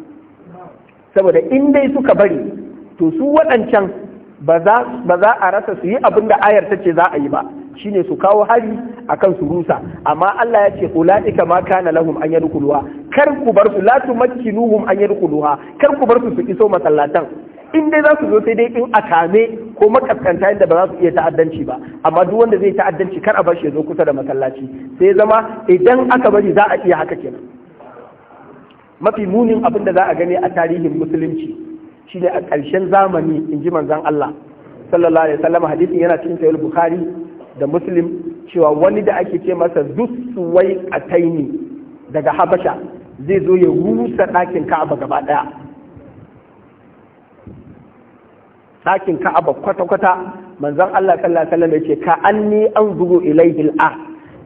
saboda in dai suka bari to su waɗancan ba za a rasa su yi abin da ayar ta ce za a yi ba shine su kawo hari kan su rusa amma Allah ya ce ulaika ma kana lahum an yadkhuluha kar ku bar su la tumakkinuhum an yadkhuluha kar ku bar su su iso masallatan in dai za su zo sai dai in a kame ko makaskanta yadda ba za su iya ta'addanci ba amma duk wanda zai ta'addanci kar a bar shi ya zo kusa da masallaci sai zama idan aka bari za a iya haka kenan mafi munin abin da za a gani a tarihin musulunci shine a ƙarshen zamani in ji manzon Allah sallallahu alaihi wasallam hadisin yana cikin sahih bukhari da muslim cewa wani da ake ce masa a taini daga habasha zai zo ya rusa ɗakin ka'aba gaba ɗaya ɗakin ka'aba kwata-kwata manzon Allah sallallahu alaihi wasallam yace ka anni anzuru ilayhi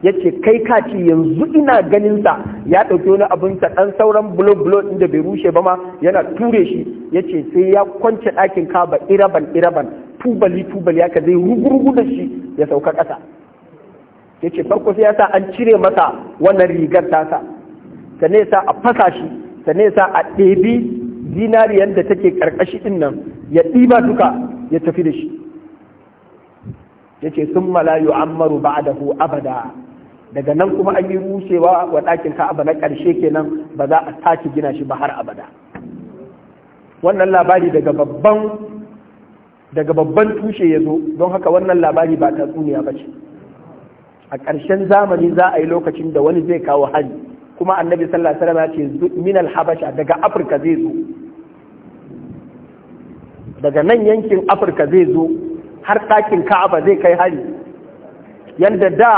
Ya yace kai ka ce yanzu ina ganinsa. ya ɗauki wani abin sa ɗan sauran bulo bulo inda bai rushe ba ma yana ture shi Ya ce sai ya kwance ɗakin ka'aba iraban iraban tubali tubali aka zai rugurgu da shi ya sauka ƙasa ya ce farko sai ya sa an cire masa wannan rigar tasa sannan ya sa a fasa shi sannan ya sa a ɗebi zinariyar da take karkashi din nan ya ɗiba duka ya tafi da shi ya ce sun malayu maru ba da abada daga nan kuma an yi rushewa wa ɗakin ka'aba na ƙarshe kenan ba za a sake gina shi ba har abada wannan labari daga babban daga babban tushe ya zo don haka wannan labari ba tatsuniya ba ce a ƙarshen zamani za a yi lokacin da wani zai kawo hari kuma annabi sallallahu alaihi wasallam ya ce min habasha daga afirka zai zo daga nan yankin afirka zai zo har ɗakin ka'aba zai kai hari yadda da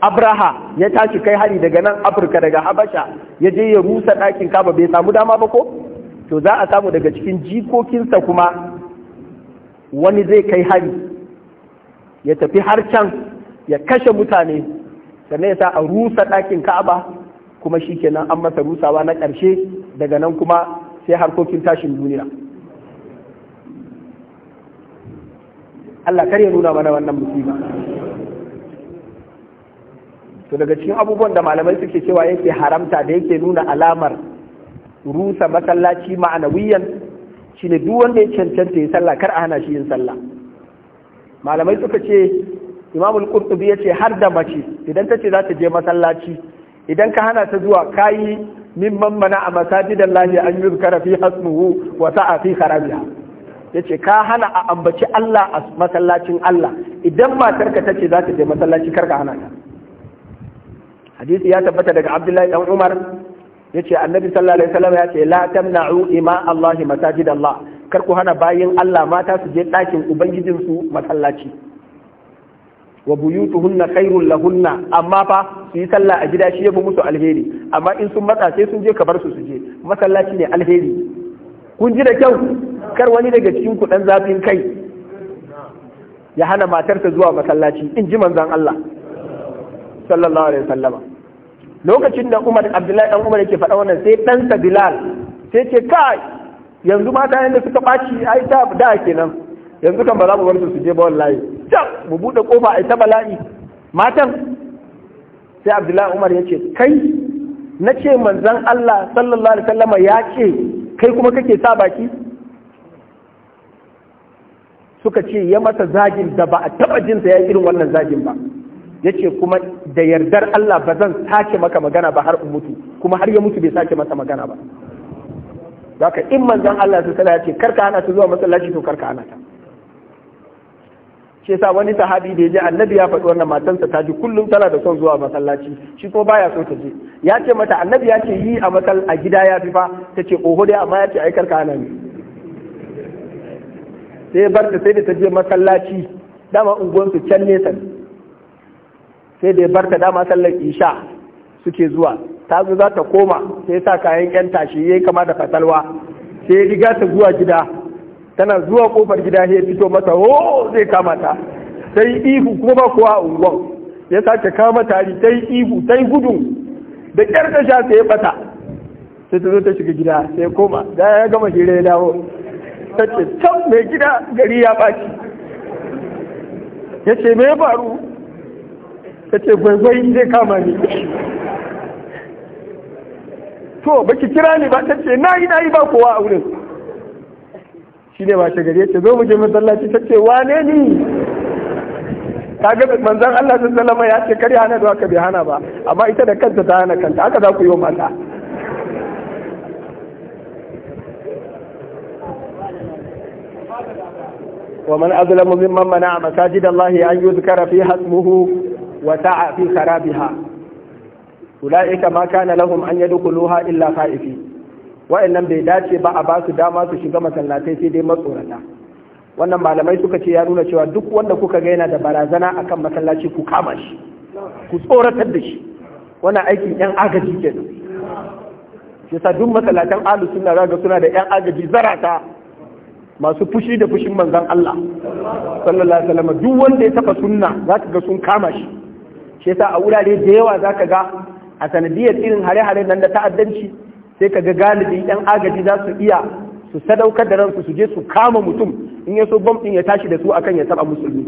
abraha ya tashi kai hari daga nan afirka daga habasha ya je ya rusa ɗakin ka'aba bai samu dama ba ko to za a samu daga cikin jikokinsa kuma wani zai kai hari ya tafi har can ya kashe mutane sannan ya sa a rusa ɗakin ka'aba kuma shi kenan an masa rusawa na ƙarshe daga nan kuma sai harkokin tashin duniya Allah kar ya nuna mana wannan musiba to daga cikin abubuwan da malamai suke cewa yake haramta da yake nuna alamar rusa masallaci ma'anawiyan ne duk wanda ya cancanta ya sallah kar a hana shi yin sallah malamai suka ce imamul al-qurtubi yace har da mace idan tace ce za ta je masallaci idan ka hana ta zuwa kayi min mamana a masajidan lahi an yuzkara fi hasmuhu wa sa'a fi Ya yace ka hana a ambaci Allah a masallacin Allah idan matarka tace za ta je masallaci karka hana ta hadisi ya tabbata daga Abdullahi dan Umar yace annabi sallallahu alaihi wasallam ya la tamna'u ima Allah masajid Allah kar ku hana bayin Allah mata su je dakin ubangijin su masallaci wa buyutuhunna khairul lahunna amma fa su yi sallah a gida shi yafi musu alheri amma in sun matsa sai sun je ka bar su su je masallaci ne alheri kun ji da kyau kar wani daga cikin ku dan zafin kai ya hana matarsa zuwa masallaci in ji manzon Allah sallallahu alaihi wasallam lokacin da Umar Abdullahi dan Umar yake faɗa wannan sai ɗansa Bilal sai ce kai yanzu mata yanda suka ɓaci ai ta da kenan yanzu kan ba za mu bar su su je ba wallahi mu buɗe kofa ai ta bala'i matan sai Abdullahi Umar ya kai na ce manzon Allah sallallahu alaihi wasallam ya ce kai kuma kake sa baki suka ce ya masa zagin da ba a taɓa jinsa ya irin wannan zagin ba yace kuma da yardar Allah ba zan sake maka magana ba har in mutu kuma har ya mutu bai sake masa magana ba zaka in manzon Allah su sallallahu alaihi karka ana ta zuwa masallaci to karka ana ta shi yasa wani sahabi da ya je annabi ya faɗi wannan matansa ta ji kullum tana da son zuwa masallaci shi kuma baya so ta je ya ce mata annabi ya ce yi a masal a gida ya fi fa ta ce oho dai amma ya ce ai karka ana ni sai bar ta sai da ta je masallaci dama unguwansu can nesa ne sai da ya barta dama sallar isha suke zuwa ta zo za ta koma sai sa kayan yan tashi yayi kama da fatalwa sai ya riga ta zuwa gida tana zuwa kofar gida sai ya fito mata ho oh, zai kama ta sai ihu kuma ba kowa a unguwan ya sake kama tari ta yi ihu ta yi gudun da kyar da sha sai ya bata sai ta zo ta shiga gida sai koma da ya gama hira ya dawo ta ce can mai gida gari ya ɓaci ya ce me faru ta ce gwaigwai zai kama ni to baki kira ni ba ta ce na yi na yi ba kowa a wurin shi ne ta gari ta zo mu je masallaci ta ce wane ni ta ga Allah Allah alaihi wasallam ya ce kar ya hana da bi hana ba amma ita da kanta ta hana kanta haka za ku yi wa mata ومن أظلم ممن منع مساجد الله أن يذكر فيها اسمه وسعى في خرابها أولئك ما كان لهم أن يدخلوها إلا خائفين wa'annan bai dace ba a ba su dama su shiga masallatai sai dai matsorata wannan malamai suka ce ya nuna cewa duk wanda kuka ga yana da barazana akan masallaci ku kama shi ku tsoratar da shi wannan aikin yan agaji kenan shi sa duk masallatan alu suna raga suna da yan agaji zarata masu fushi da fushin manzon Allah sallallahu alaihi wasallam duk wanda ya taba sunna zaka ga sun kama shi shi yasa a wurare da yawa za ka ga a sanadiyar irin hare-hare nan da ta'addanci sai ka ga galibi yan agaji za su iya su sadaukar da ransu su je su kama mutum in ya so bom ɗin ya tashi da su akan ya taba musulmi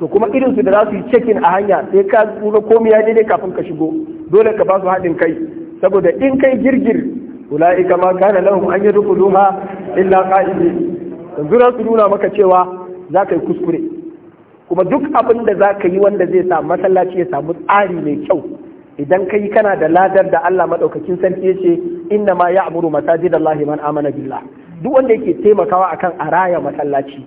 to kuma irin su da za su yi cekin a hanya sai ka tsura komiya daidai kafin ka shigo dole ka ba su haɗin kai saboda in kai girgir ula'ika ma kana lahum an yadkhuluha illa qa'idin dan zura su nuna maka cewa za ka yi kuskure kuma duk abin da za ka yi wanda zai samu masallaci ya samu tsari mai kyau idan ka kana da ladar da Allah maɗaukakin sarki ya ce inna ma ya amuru masajid Allah man amana billah duk wanda yake taimakawa akan a raya masallaci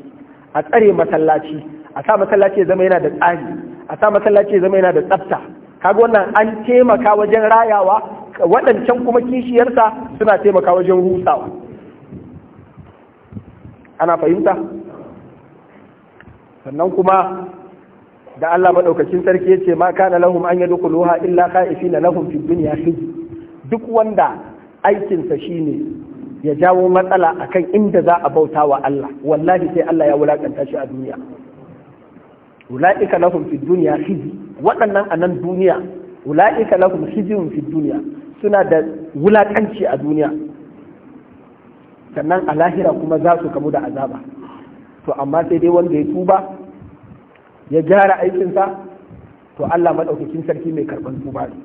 a tsare masallaci a sa masallaci ya zama yana da tsari a sa masallaci ya zama yana da tsafta kaga wannan an taimaka wajen rayawa waɗancan kuma kishiyarsa suna taimaka wajen rusawa ana fahimta sannan kuma da Allah maɗaukacin sarki ya ce ma kana lahum an yadkhuluha illa na lahum fi duniya khizy duk wanda aikinsa shine ya jawo matsala akan inda za a bauta wa Allah wallahi sai Allah ya wulakanta shi a duniya ula'ika lahum fi duniya khizy waɗannan a nan duniya ula'ika lahum khizyun fi duniya suna da wulakanci a duniya sannan a lahira kuma za su kamu da azaba to amma sai dai wanda ya tuba ya gyara aikinsa to Allah maɗaukakin sarki mai karɓar tuba ne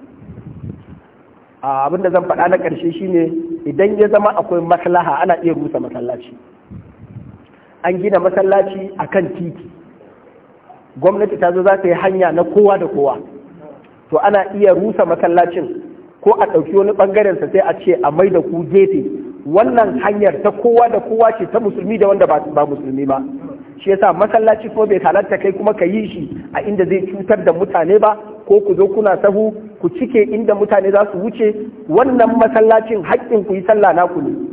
abin da zan faɗa na ƙarshe shine idan ya zama akwai maslaha ana iya rusa masallaci an gina masallaci a kan titi gwamnati ta zo za ta yi hanya na kowa da kowa to ana iya rusa masallacin ko a ɗauki wani ɓangaren sa sai a ce a mai da ku gefe wannan hanyar ta kowa da kowa ce ta musulmi da wanda ba musulmi ba shi yasa masallaci ko bai halatta kai kuma ka yi shi a inda zai cutar da mutane ba ko ku zo kuna sahu ku cike inda mutane za su wuce wannan masallacin haƙƙin ku yi sallah naku ne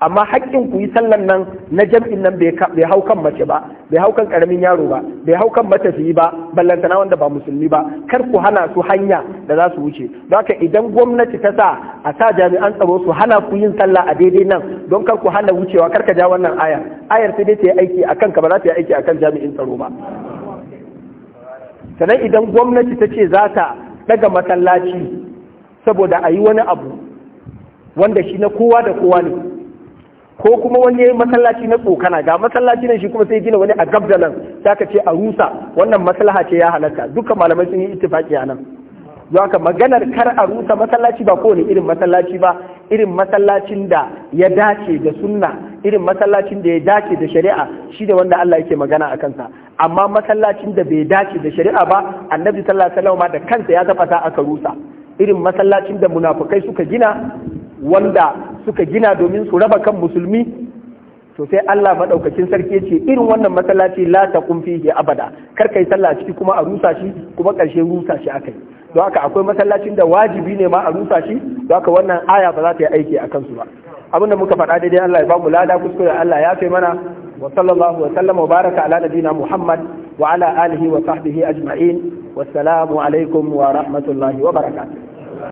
amma haƙƙin ku yi sallan nan na jam'in nan bai hau kan mace ba bai hau kan ƙaramin yaro ba bai hau kan matafiyi ba ballantana wanda ba musulmi ba kar ku hana su hanya da za su wuce haka idan gwamnati ta sa a sa jami'an tsaro su hana ku yin sallah a daidai nan don kar ku hana wucewa kar ka ja wannan ayar ayar sai dai ta yi aiki a kanka ba za ta yi aiki a kan jami'in tsaro ba sannan idan gwamnati ta ce za ta daga masallaci saboda a yi wani abu wanda shi na kowa da kowa ne ko kuma wani masallaci na tsokana ga masallaci ne shi kuma sai gina wani a gab da nan zaka ce a rusa wannan maslaha ce ya halatta dukkan malamai sun yi ittifaki a nan haka maganar kar a rusa masallaci ba kowane irin masallaci ba irin masallacin da ya dace da sunna irin masallacin da ya dace da shari'a shi da wanda Allah yake magana a kansa amma masallacin da bai dace da shari'a ba annabi sallallahu alaihi wasallam da kansa ya zafata aka rusa irin masallacin da munafukai suka gina wanda suka gina domin su raba kan musulmi to sai Allah madaukakin sarki ce irin wannan masallaci la taqum fihi abada kar kai sallah ciki kuma a rusa shi kuma karshen rusa shi akai don haka akwai masallacin da wajibi ne ma a rusa shi don haka wannan aya ba za ta yi aiki a kansu ba abinda muka faɗa daidai Allah ya ba mu lada kuskure Allah ya kai mana wa sallallahu wa sallama wa baraka ala nabina Muhammad wa ala alihi wa sahbihi ajma'in wassalamu alaikum wa rahmatullahi wa barakatuh